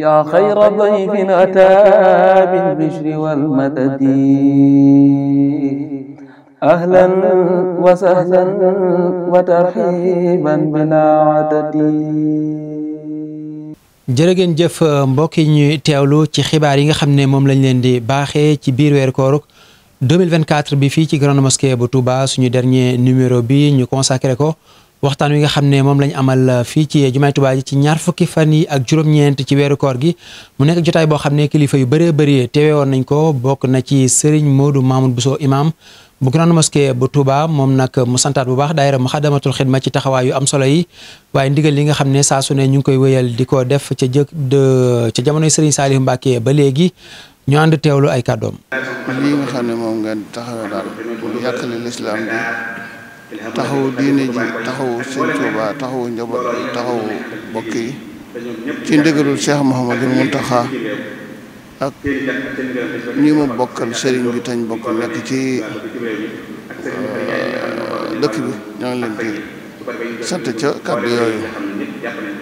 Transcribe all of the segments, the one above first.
yaa xayra dayfin ataa bil bishri wal madadi ahlan wa sahlan wa tarxiiban bilaa adadi. jërë ngeen jëf mbokk yi ñuy teewlu ci xibaar yi nga xam ne moom lañ leen di baaxee ci biir weeru kooruk 2024 bi fii ci grande mosquée bu Touba suñu dernier numéro bi ñu consacré ko. waxtaan wi nga xam ne moom lañu amal euh, fii ci jumaay Tuubaa ji ci ñaar fukki fan yi ak juróom-ñeent ci weeru koor gi mu nekk jotaay boo xam ne kilifa yu bëree bëri teewee woon nañ ko bokk na ci Serigne Modou Mamoun Bousso imam bu grande mosquée bu Touba moom nag mu santaat bu baax daayira Muxaddamatul Xidma ci taxawaay yu am solo yi waaye ndigal li nga xam ne saa su ne ñu ngi koy wéyal di ko def ca jëkk jë ca jamonoy Serigne Saliou Mbacké ba léegi ñu ànd teewlu ay kàddoom. taxawu diine ji taxawu sëñ Tuuba taxawu njaboot yi taxawu mbokk yi ci ndigalul Cheikh Mouhamadul taxa ak ñi mu bokkal sëriñ bi tañ bokk nekk ci euh, dëkk bi ñoo ngi leen di sant ca kàddu yooyu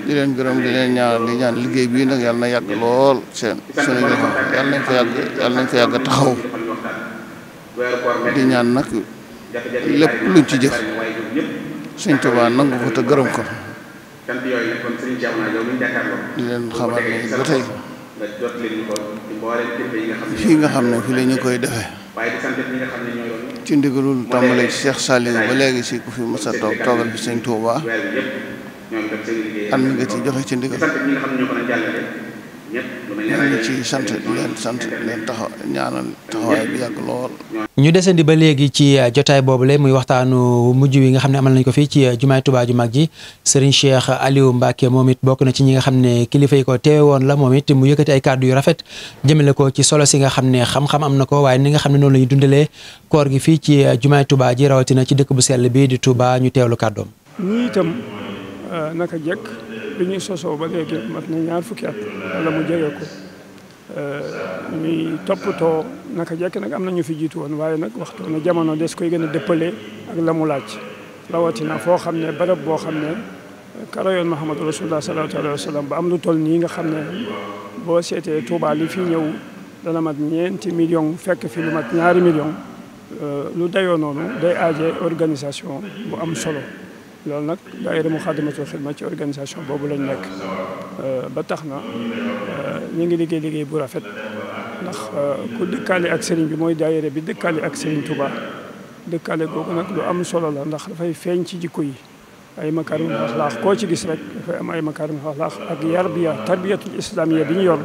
di leen gërëm di leen ñaan di ñaan liggéey bii nag yàlla na yàgg lool seen suñu joxam yàlla nañ yàgg nañ ko yàgg taxaw di ñaan nag lépp luñ ci jëf Sëñ Tuubaa nangu ko gërëm ko di leen xamal ne ba tey fii nga xam ne fi la koy defee ci ndigalul tàmbalee ci Cheikh Saliou ba léegi si ku fi mës a toog toogal fi Sëñ Tuubaa am nga ci joxe ci ndigal ñu ci sant desandi ba léegi ci euh, jotaay boobu la muy waxtaanu mujj wi nga xam ne amal nañ ko fii ci euh, jumaay Tuubaa ju mag ji Serigne Cheikh Aliou Mbacke moom it bokk na ci ñi nga xam ne kilifa yi ko teewe woon la moom it mu yëkkati ay kàddu yu rafet jëmale ko ci solo si nga xam ne xam-xam am na ko waaye ni nga xam ne noonu la ñu dundalee koor gi fii ci euh, jumaay Tuubaa ji rawatina ci dëkk bu sell bi di Tuubaa ñu teewlu kàddoom. bi ñuy sosoo ba léegi mat na ñaar fukki at la mu jege ko ñuy euh, toppatoo naka jekk nag am na ñu fi jiitu woon waaye nag waxtu na jamono des koy gën a dëppale ak la mu laaj rawatina foo xam ne barab boo xam ne karo yoon Muhammadu Rasulullah lu toll nii nga xam ne boo seetee Touba li fi ñëw dana mat ñeenti million fekk fi lu mat ñaari million euh, lu dayoo noonu day aaje organisation bu am solo loolu nag daayira Moukhaddamatoul Khidma ci organisation boobu lañ nekk euh, ba tax na euh, ñu ngi liggéey liggéey bu rafet ndax euh, ku dëkkaale ak sëriñ bi mooy daayira bi dëkkaale ak sëriñ Touba dëkkaale googu nag lu am solo la ndax dafay feeñ ci jikko yi ay makaarimul axlaaq koo ci gis rek dafay am ay makaarimul axlaaq ak yarbiya tarbiyatul islamiya bi ñu yor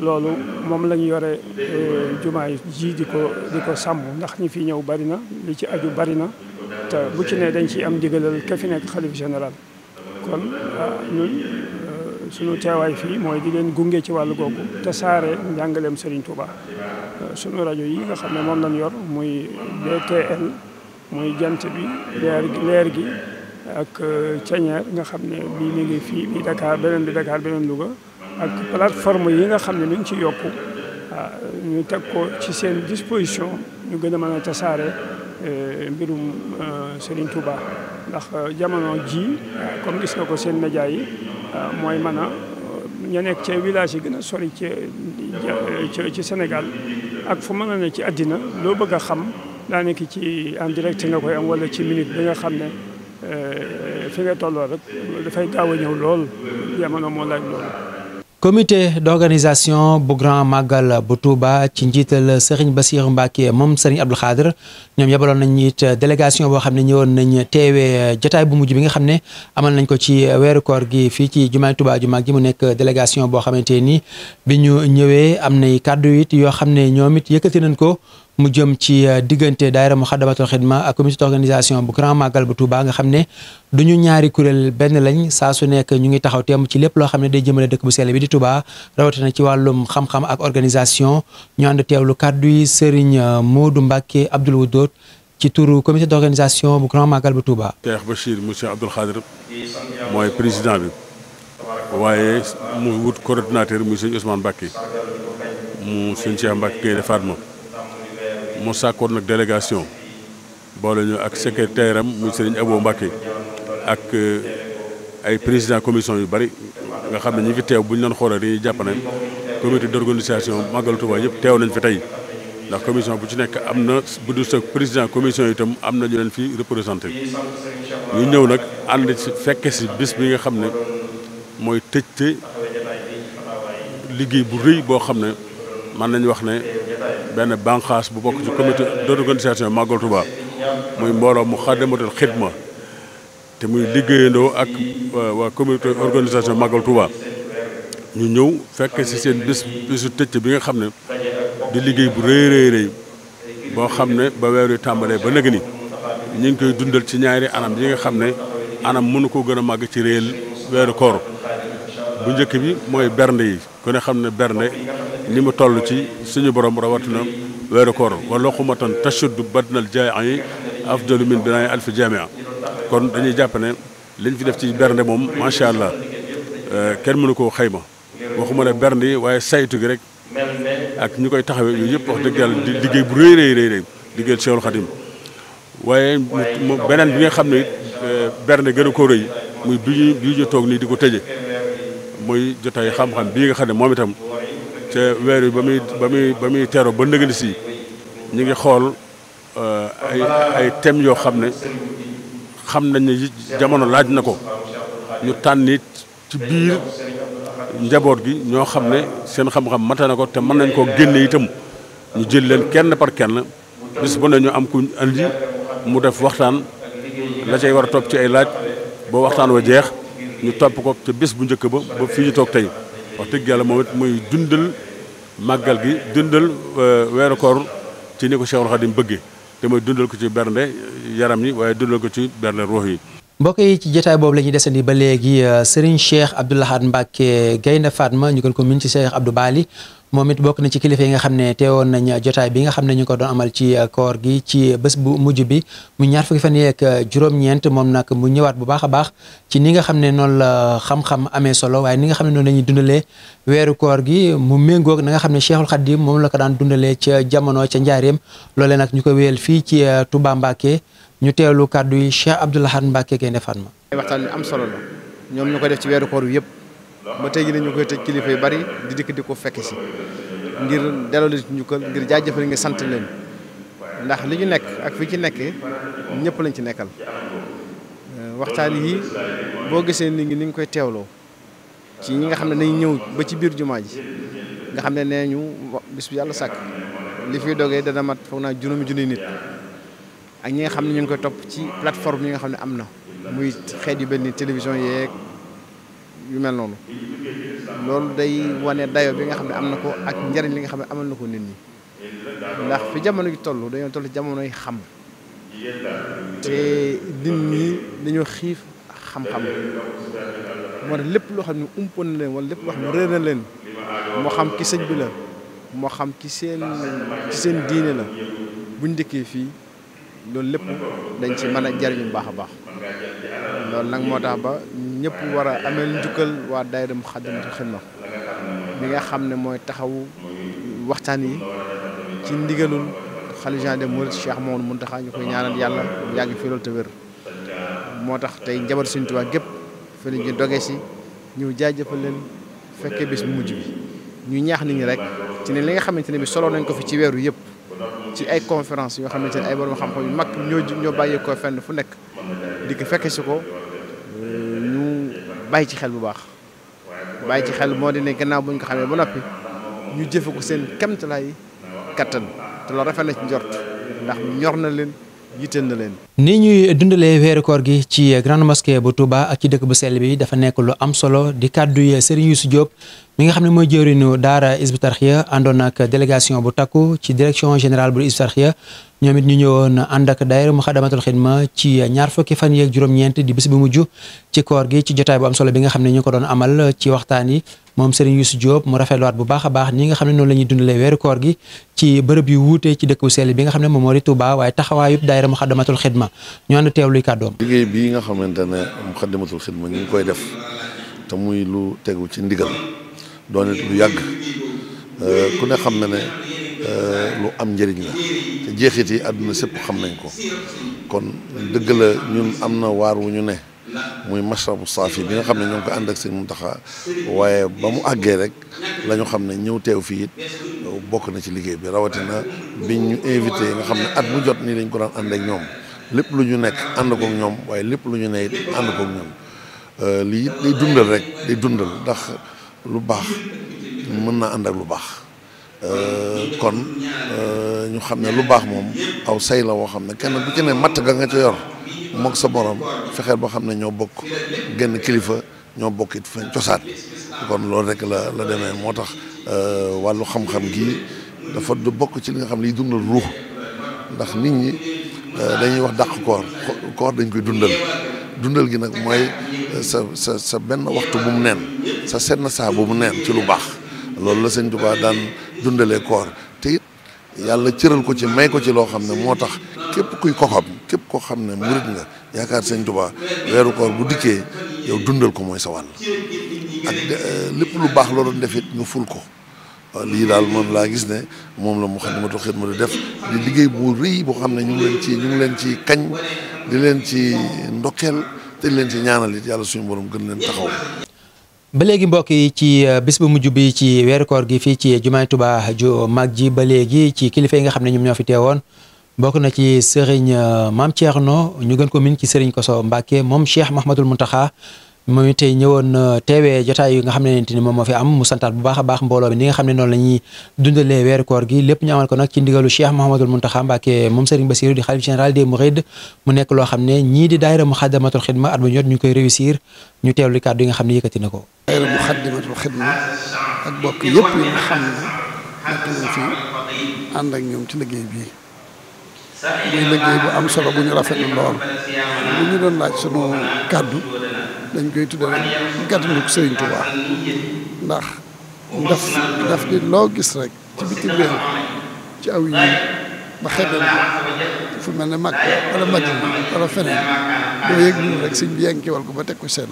loolu moom lañ yore jumaa yi di ko di ko sàmm ndax ñi fi ñëw bari na li ci aju bari na te bu ci ne dañ ciy am digalal ka fi nekk xalif général kon ah, ñun ah, suñu teewaay fii mooy di leen gunge ci wàllu googu te saare njàngaleem Serigne Touba ah, sunu rajo yi nga xam ne moom lañ yor muy DTL muy jant bi leer gi ak Thiénière nga xam ne bii mi ngi fii bi Dakar beneen bi Dakar beneen Louga ak plateforme yi nga xam ne mi ngi ci yokku ñu teg ko ci seen disposition ñu gën a mën tasaare Euh, mbirum euh, Serigne Touba ndax euh, jamono ji comme gis nga ko seen média mooy mën a ña nekk ci village yi gën a sori ci ci Sénégal ak fu mën a ne ci àddina loo bëgg a xam daanaka ci en direct nga koy am wala ci minute bi nga xam ne fi nga tolloo rek dafay gaaw a ñëw lool jamono moo laaj loolu comité d'organisation bu grand màggal bu Touba ci njiital Serigne Bassirou Mbacké moom Serigne Abdou Khadre ñoom yabaloon nañ it délégation boo xam ne ñëwoon nañ teewee jotaay bu mujj bi nga xam ne amal nañ ko ci weeru koor gi fii ci jumaay Touba ju mag ji mu nekk délégation boo xamante ni bi ñu ñëwee am nay kàddu it yoo xam ne ñoom it yëkkati nañ ko. mu jëm ci euh, diggante daayira Moukhaddamatoul Khidma ak comité d'organisation bu grand magal bu Touba nga xam ne du ñu ñaari kuréel benn lañ saa su nekk ñu ngi taxaw temm ci lépp loo xam ne day jëmale dëkk bu sell bi di Touba rawatina ci wàllum xam-xam ak organisation ñu ànd teewlu kàddu yi Serigne euh, Modou Mbacké Abdoul Wadoud ci turu comité d'organisation bu grand magal bu Touba. Cheikh Bachir monsieur Abdoul Khadir mooy président bi waaye mu wut coordonnateur muy sëñ Ousmane Mbacké mu sëñ Cheikh Mbacké mu sàkkoon nag délégation boole ñu ak secrétaire am mu sëriñ Abo Mbacke ak euh, ay président commission yu bari nga xam ne ñi fi teew bu ñu doon xoolee dañuy jàpp ne comité d'organisation Màggalu Tuubaa yëpp teew nañ fi tey ndax commission bu ci nekk am na bu du sa président commission itam am na ñu leen fi représenté ñu ñëw nag ànd ci fekke si bis bi nga xam ne mooy tëj tëjte liggéey bu rëy boo xam ne mën nañu wax ne. benn banqaas bu bokk ci comité d'organisation Magal Touba muy mbooloo mu Xaddamatul Xidma te muy liggéeyandoo ak euh, waa comité organisation Magal Touba ñu ñëw fekk ci seen bés bésu tëcc bi nga xam ne di liggéey bu rëy rëy rëy boo xam ne ba weer yu tàmbalee ba nëgg ni ñu ngi koy dundal ci ñaari anam yi nga xam ne anam mënu ko gën a màgg ci réel weeru koor bu njëkk bi mooy bernde yi ku ne xam ne bernde ni mu toll ci suñu borom rawatina weeru koor wa luqmatan tashuddu badnal jaa'i afdalu min binaa'i alfi jaami'a kon dañuy jàpp ne liñ fi def ci bernde moom macha allah euh, kenn mënu koo xayma waxuma la bernde yi waaye saytu gi rek ak ñu koy taxawee yooyu yëpp wax dëgg yàlla di liggéey bu rëy rëy rëy rëy liggéeyal Cheikhul Khadim waaye beneen bi nga xam ne it euh, bernde gën a ko rëy muy bi toog nii di ko tëje muy jotaay xam-xam bii nga xam ne moom itam ca weer yi ba muy ba muy ba muy teeroo ba ndëgëni si ñu ngi xool euh, ay ay thèmes yoo xam ne xam nañ ne jamono laaj na ko ñu tànnit ci biir njaboot gi ñoo xam ne seen xam-xam mata na ko te mën nañ koo génne itam ñu jël leen kenn par kenn bis bu ne ñu am kuñ andi mu def waxtaan la cay war a topp ci ay laaj boo waxtaan wa jeex ñu topp ko ca bés bu njëkk ba ba fii ñu toog tey wax tëgg yàlla moom it muy dundal màggal gi dundal euh, weeru koor ci ni ko Cheikhul Khadim bëggee te mooy dundal ko ci bernde yaram yi waaye dundal ko ci bernde ruux yi. mbokk yi ci jotaay boobu lañuy ñuy desandi ba léegi euh, Serigne Cheikh Abdou Lahad Mbacké Gaïndé Fatma ñu gën ko min ci Cheikh Abdou Bali moom it bokk na ci kilifa yi nga xam ne teewoon nañ jotaay bi nga xam ne ñu ko doon amal ci koor gi ci bés bu mujj bi mu ñaar fukki fan yeeg juróom-ñeent moom nag mu ñëwaat bu baax a baax ci ni nga xam ne noonu la xam-xam amee solo waaye ni nga xam ne noon la ñuy dundalee weeru koor gi mu méngoog na nga xam ne Cheikhul Khadim moom la ko daan dundalee ci jamono ca njaareem loole nag ñu ko wéyal fii ci uh, Touba Mbacké ñu teelu kàddu yi Cheikh Abdoul Ahad Mbacké Gaïndé Fatma. waxtaan am solo la ñoom ko def ci weeru koor bi yëpp ma tey ji la koy tëj kilifa yu bari di dikk di ko fekk si ngir delloo leen njukkal ngir jaajëfal ngir sant leen ndax li ñu nekk ak fi ci nekkee ñëpp lañ ci nekkal euh, waxtaan yi boo gisee nit ñi ni ñu koy teewloo ci ñi nga xam ne dañ ñëw ba ci biir jumaa ji nga xam ne nee ñu bis bi yàlla sàkk li fii dogee dana mat foog naa juróomi junni nit ak ñi nga xam ne ñu ngi koy topp ci plateforme yi nga xam ne am na muy xeet yu benn télévision yeeg yu mel noonu loolu day wane dayo bi nga xam ne am na ko ak njëriñ li nga xam ne amal na ko nit ñi ndax fi jamono ji toll dañoo toll jamonoy xam te nit ñi dañoo xiif xam-xam moo tax lépp loo xam ne umpoon leen wala lépp loo xam ne réer na leen moo xam ki sëñ bi la moo xam ki seen seen diine la buñ dëkkee fii loolu lépp dañ ci mën a jariñu baax a baax loolu nag moo tax ba ñëpp war a amee njukkal waa day daayira Moukhaddamatoul na bi nga xam ne mooy taxawu waxtaan yi ci ndigalul xalifa général des mourides moom Mouhamadou Mountakha ñu koy ñaanal yàlla yàgg fi loolu te wér moo tax tey njabar Sëriñ Tuubaa gépp fi la ñu doge si ñëw jaajëfal leen fekkee bis bu mujj bi ñu ñaax nit ñi rek ci ne li nga xamante ne bi solo nañ ko fi ci weeru yëpp ci ay conférence yoo xamante ne ay borom xam-xam yu mag ñoo ñoo bàyyeekoo fenn fu nekk di fekke si ko bàyyi ci xel bu baax bàyyi ci xel moo di ne gannaaw buñ ñu ko xamee ba noppi ñu jëfe ko seen kemtalaay kattan te loolu rafet na ci njort ndax ñor na leen yitteel na leen. ni ñuy dundalee weeru koor gi ci grande mosquée bu Touba ak ci dëkk bu sell bi dafa nekk lu am solo di kàddu yi Serigne Youssou Diop mi nga xam ne mooy jëwriñu daara Hizbut Tarqiyyah àndoon ak délégation bu takku ci direction général bu Hizbut Tarqiyyah ñoom it ñu ñëwoon ànd ak daayira Muxaddamatul Xidma ci ñaar fukki fan yeeg juróom-ñeent di bis bu mujj ci koor gi ci jotaay bu am solo bi nga xam ne ñu ko doon amal ci waxtaan yi. moom Serigne Youssou Diop mu rafetluwaat bu baax a baax nga xam ne noonu la ñuy dundalee weeru koor gi ci bërëb yu wuute ci dëkk bu bi nga xam ne moom moo di Touba waaye taxawaayub daayira Muxaddamatul Xidma ñu ànd teewluy kàddoom liggéey bii nga xamante ne Muxaddamatul Xidma ñu ngi koy def te muy lu tegu ci ndigal doon it lu yàgg euh, ku ne xam na ne euh, lu am njëriñ la te jeexit yi àdduna sépp xam nañ ko kon dëgg la ñun am na waar wu ñu ne muy mashrabu saafi bi nga xam ne ñoo ko ànd ak seen Muntaxa waaye ba mu àggee rek lañu xam ne ñëw teew fii it bokk na ci liggéey bi rawatina bi ñu invité nga xam ne at mu jot nii dañ ko daan ànd ak ñoom lépp lu ñu nekk ànd ñoom waaye lépp lu ñu ne it ànd kook euh, lii it day dundal rek day dundal ndax lu baax mën naa ànd ak lu baax. Euh, kon euh, ñu xam ne lu baax moom aw say la woo xam ne kenn ku ci ne matt ga nga ca yor moog sa borom fexeel boo xam ne ñoo bokk genn kilifa ñoo bokkit it fañ cosaat kon loolu rek la la demee moo tax euh, wàllu xam-xam gi dafa du bokk ci li nga xam ne liy dundal ruux ndax nit ñi euh, dañuy wax dàq koor koor dañ koy dundal dundal gi nag mooy euh, sa sa sa benn waxtu bu mu neen sa senn saa bu mu neen ci lu baax loolu la sëñ Tuubaa daan dundalee koor te it yàlla cëral ko ci may ko ci loo xam ne moo tax képp kuy kokam képp koo xam ne murit nga yaakaar sëñ Tuubaa weeru koor bu dikkee yow dundal ko mooy sa wàll ak eh, lépp lu baax loo doon def it ñu ful ko lii daal moom laa gis ne moom la mu Moukhaddamatoul Khidma di def di liggéey bu rëy boo xam ne ñu leen ci ñu ngi leen ci kañ di leen ci ndokkeel te leen ci ñaanal yàlla suñu borom gën leen taxaw. ba léegi mbokk yi ci eh, bis bu mujj bi ci weeru koor gi fii ci jumaay tubaa ju mag ji ba léegi ci kilifa yi nga xam ne ñoom ñoo fi teewoon. bokk na ci Serigne euh, Mame Thierno ñu gën ko min ci Serigne Koso Mbacke moom Cheikh Mahmadul Muntaxa moom it tey ñëwoon euh, teewee jotaay yi nga xam ne ni moom moo fi am mu santaat bu baax baax mbooloo mi nga xam ne noonu la ñuy dundalee weeru koor gi lépp ko nag ci ndigalu Cheikh Mouhamadul Mountakha Mbacké moom Serigne Bassirou di xalif mu nekk loo xam ne ñii di daayira Muxaddamatul Xidma at bu ñot ñu koy réussir ñu teewlu kàddu yi nga xam ne yëkkati na ko. daayira Muxaddamatul Xidma ak bokk yëpp muy liggéey am solo bu ñu rafetlu lool lu ñu doon laaj sunu kàddu dañ koy tudde rek gàttanu loo gis rek ci bitim réew fu mel ne mag wala Madina wala feneen doo bi yankiwal ba teg ko seen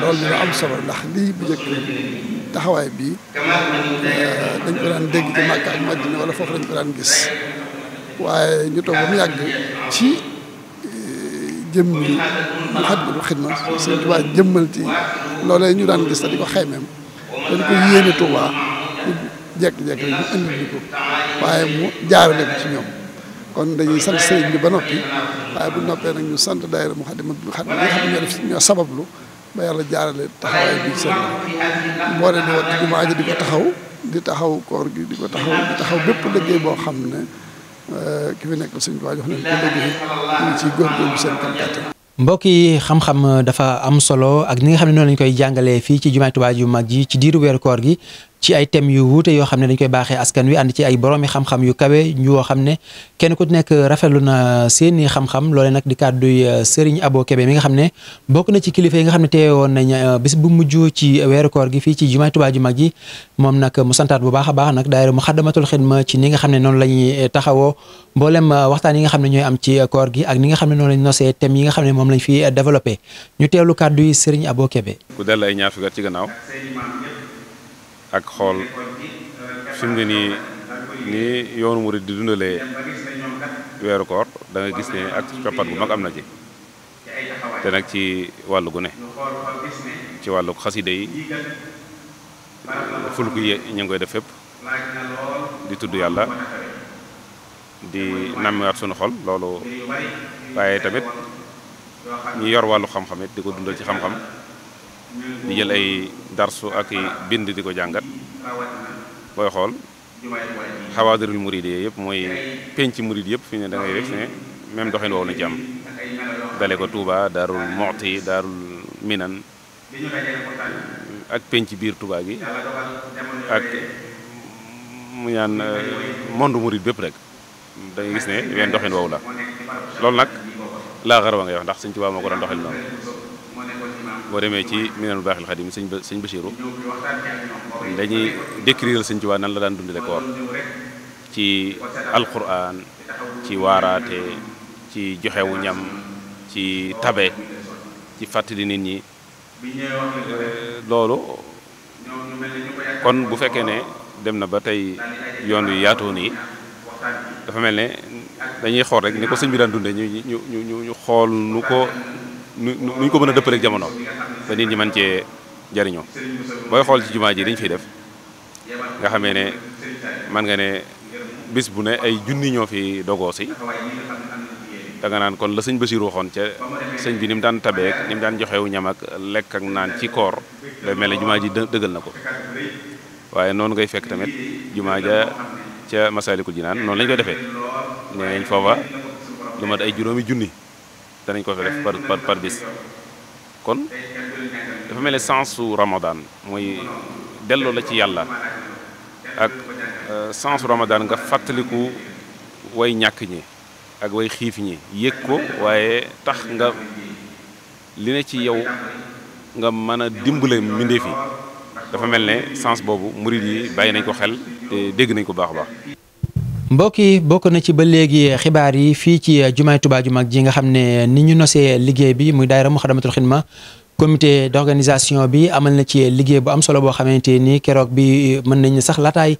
loxo am solo ndax lii bu njëkk taxawaay bi eh, dañ ko daan dégg ci Makka Madina wala foofu lañ ko daan gis waaye ñu toog ba mu yàgg ci eh, jëm yi Moukhaddamatoul Khidma Sëriñ Tuubaa jëmmal ci loolee ñu daan gis te di ko xaymeem dañ ko yéene Tuubaa ñu jekk-jekk rek ñu indi ñu ko waaye mu jaarale ko ci ñoom kon dañuy sant sëriñ bi ba noppi waaye bu noppee nag ñu sant daayira Moukhaddamatoul Khidma bi nga xam ne ñoo def ñoo sabablu ba bi seen boo dee di ji di ko taxaw di taxaw koor gi di ko taxaw di taxaw bépp liggéey boo xam ne Euh, ki fi yi xam-xam dafa am solo ak ni nga xam ne noonu lañ koy jàngalee fii ci jumaay Tuubaa mag ji ci diiru weeru koor gi ci ay thèmes yu wuute yoo xam ne dañ koy baaxee askan wi ànd ci ay boroomi xam-xam yu kawe yoo xam ne kenn ku nekk rafetlu na seeni xam-xam loole nag di kàdduy euh, Serigne Abo Kébé mi nga xam ne bokk na ci kilifa yi nga xam ne teewoon nañ euh, bis bu mujj ci weeru koor gi fii ci jumaa Tuubaa ju mag ji moom nag mu santaat baax a baax nag daayira Muxaddamatul Xidma ci ni xam ne noonu la ñuy euh, taxawoo mboolem waxtaan yi nga xam ne ñooy am ci koor gi ak ni nga xam ne noonu lañ nosee thèmes yi nga xam ne moom lañ fi développé ñu teewlu kàddu yi Serigne Abo Kébé ku dell ay ci gannaaw ak xool fi mu ne nii nii yoonu murid di dundalee weeru koor da gis ne ak coppat bu mag am na ci te ci wàll gu ne ci wàllu xaside yi fulku yi ñu ngi koy def yépp di tudd yàlla di nàmmiwaat sunu xol loolu waaye tamit ñu yor wàllu xam-xam di ko dundal ci xam-xam di jël ay darsu ak bind di ko jàngat booy xool xawaadirul murid yi yëpp mooy penc murid yëpp fi ne da ngay rek ne même doxin woowu na ci dale ko tuuba daarul Moxti daarul Minan ak penc biir Touba gi ak mu ñaan euh, monde murid bépp rek da gis ne wenn doxin woowu la loolu nag laa xar wa ngay wax ndax Sëñ Tuubaa moo ko doon doxal noonu boo demee ci minanu baaxil xadim sëñ ba sëñ Basiiru dañuy décrire sëñ Tuubaa nan la daan dundale koor ci alquran ci waaraate ci joxewu ñam ci tabe ci fàttali nit ñi euh, loolu kon bu fekkee ne dem na ba tey yoon yu yaatoon yi dafa mel ne dañuy xool rek ni ko sëñ bi daan dunde ñu ñu ñu ñu xool nu ko nu ñu ko mën a dëppaleeg jamono ba nit ñi mën cee jariñoo booy xool ci jumaa ji liñ fiy def nga xamee ne man nga ne bis bu ne ay junni ñoo fi dogoo si da nga naan kon la sëñ Basiru waxoon ca sëñ bi ni mu daan tabeek ni mu daan joxewu ñam ak lekk ak naan ci koor day mel ne jumaa ji dëggal na ko waaye noonu ngay fekk tamit jumaa ja ca Masaalikul Jinaan noonu lañ koy defee nee nañ foofa lu mat ay juróomi junni danañ ko fi def par euh, par par bis kon dafa mel ne sens su Ramadan mooy delloo la ci yàlla ak euh, sens su nga fàttaliku way ñàkk ñi ak way xiif ñi yëg ko waaye tax nga li ne ci yow nga mën a dimbale mbindeef yi dafa mel ne sens boobu murid yi bàyyi nañ ko xel te dégg nañ ko baax baax. mbokk yi bokk na ci ba léegi xibaar yi fii ci uh, jumaay Tuubaa ju mag ji nga xam ne ni ñu nosee liggéey bi muy daayira Muxaddamatul Xidma ma commité organisation bi amal na ci liggéey bu am solo boo xamante nii keroog bi uh, mën nañu sax lataay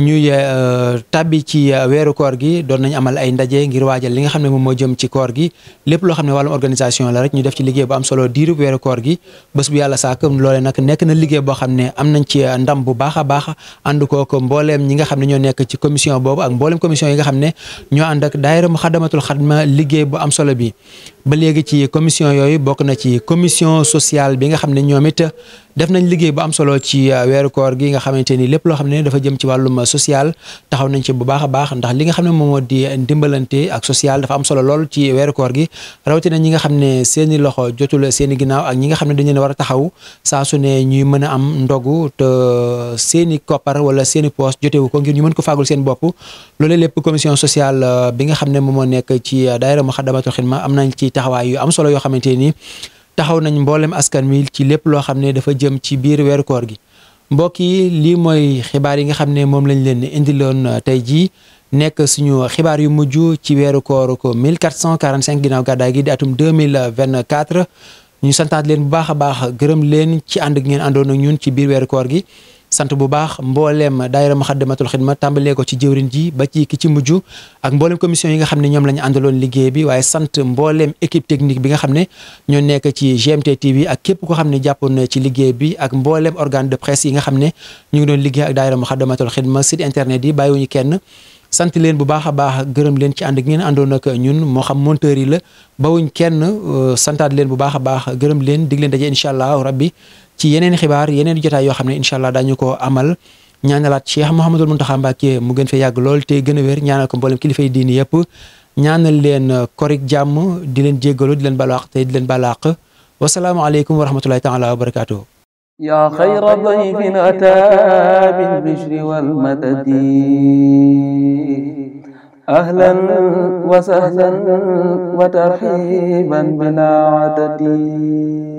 ñuy euh, tàbbi ci euh, weeru koor gi doon nañu amal ay ndaje ngir waajal li nga xam ne moom moo jëm ci koor gi lépp loo xam ne wàllum organisation la rek ñu def ci liggéey bu am solo diirub weeru koor gi bés bu yàlla sàkk loolee nag nekk na liggéey boo xam ne am nañ ci euh, ndam bu baax a baax ànd kooko mbooleem ñi nga xam ne ñoo nekk ci commission boobu ak mbooleem commission yi nga xam ne ñoo ànd ak daayira mu xadamatul xadma liggéey bu am solo bi ba léegi ci commission yooyu bokk na ci commission sociale bi nga xam ne ñoom it def nañ liggéey bu am solo ci euh, weeru koor gi nga xamante ni lépp loo xam ne dafa jëm ci wàllum social taxaw nañ ci bu baax a baax ndax li nga xam ne moom moo di ndimbalante ak social dafa am solo lool ci weeru koor gi rawatina ñi nga xam ne seeni loxo jotul seeni ginnaaw ak ñi nga xam ne dañu war a taxaw saa su ne ñuy mën a am ndogu te euh, seeni koppar wala seeni poos jotewu ko ngir ñu mën ko fàggul seen bopp loolee lépp commission sociale euh, bi nga xam ne moom moo nekk ci daayira Moukhaddamatoul Khidma am nañ ci taxawaay yu am solo yoo xamante nii taxaw nañ mboolem askan wi ci lépp loo xam ne dafa jëm ci biir weeru koor gi mbokk yi lii mooy xibaar yi nga xam ne moom lañ leen indiloon euh, tey jii nekk suñu xibaar yu mujj ci weeru koor ko 1445 ginnaaw gàddaay gi di atum 2024 ñu santaat leen bu baax a baax gërëm leen ci ànd ngeen àndoon ak ñun ci biir weeru koor gi sant bu baax mbooleem daayira Muxaddamatul Xidma tàmbalee ko ci jëwrin ji ba ci ki ci mujj ak mbooleem commission yi nga xam ne ñoom lañu ñu liggéey bi waaye sant mbooleem équipe technique bi nga xam ne ñoo nekk ci GMT TV ak képp ko xam ne jàppoon ci liggéey bi ak mbooleem organ de presse yi nga xam ne ñu ngi doon liggéey ak daayira Muxaddamatul Xidma site internet yi bàyyiwuñu kenn sant leen bu baax a baax gërëm leen ci ànd ak ngeen àndoon ak ñun moo xam monteur yi la bawuñ kenn euh, santaat leen bu baax a baax gërëm leen dig leen daje incha allah rabbi ci yeneen xibaar yeneen jotaay yoo xam ne incha allah daañu ko amal ñaanalaat Cheikh Mouhamadul Mountakha Mbacké mu gën fee yàgg lool te gën a wér ñaanal ko mboolem kilifay diini yëpp ñaanal leen uh, korik jàmm di leen jéggalu di leen balaax te di leen balaax wasalaamaaleykum wa rahmatullahi taala wa barakaatuhu yaa xayra dayfin ataa bil bishri wal madadi أهلا وسهلا وترحيبا بلا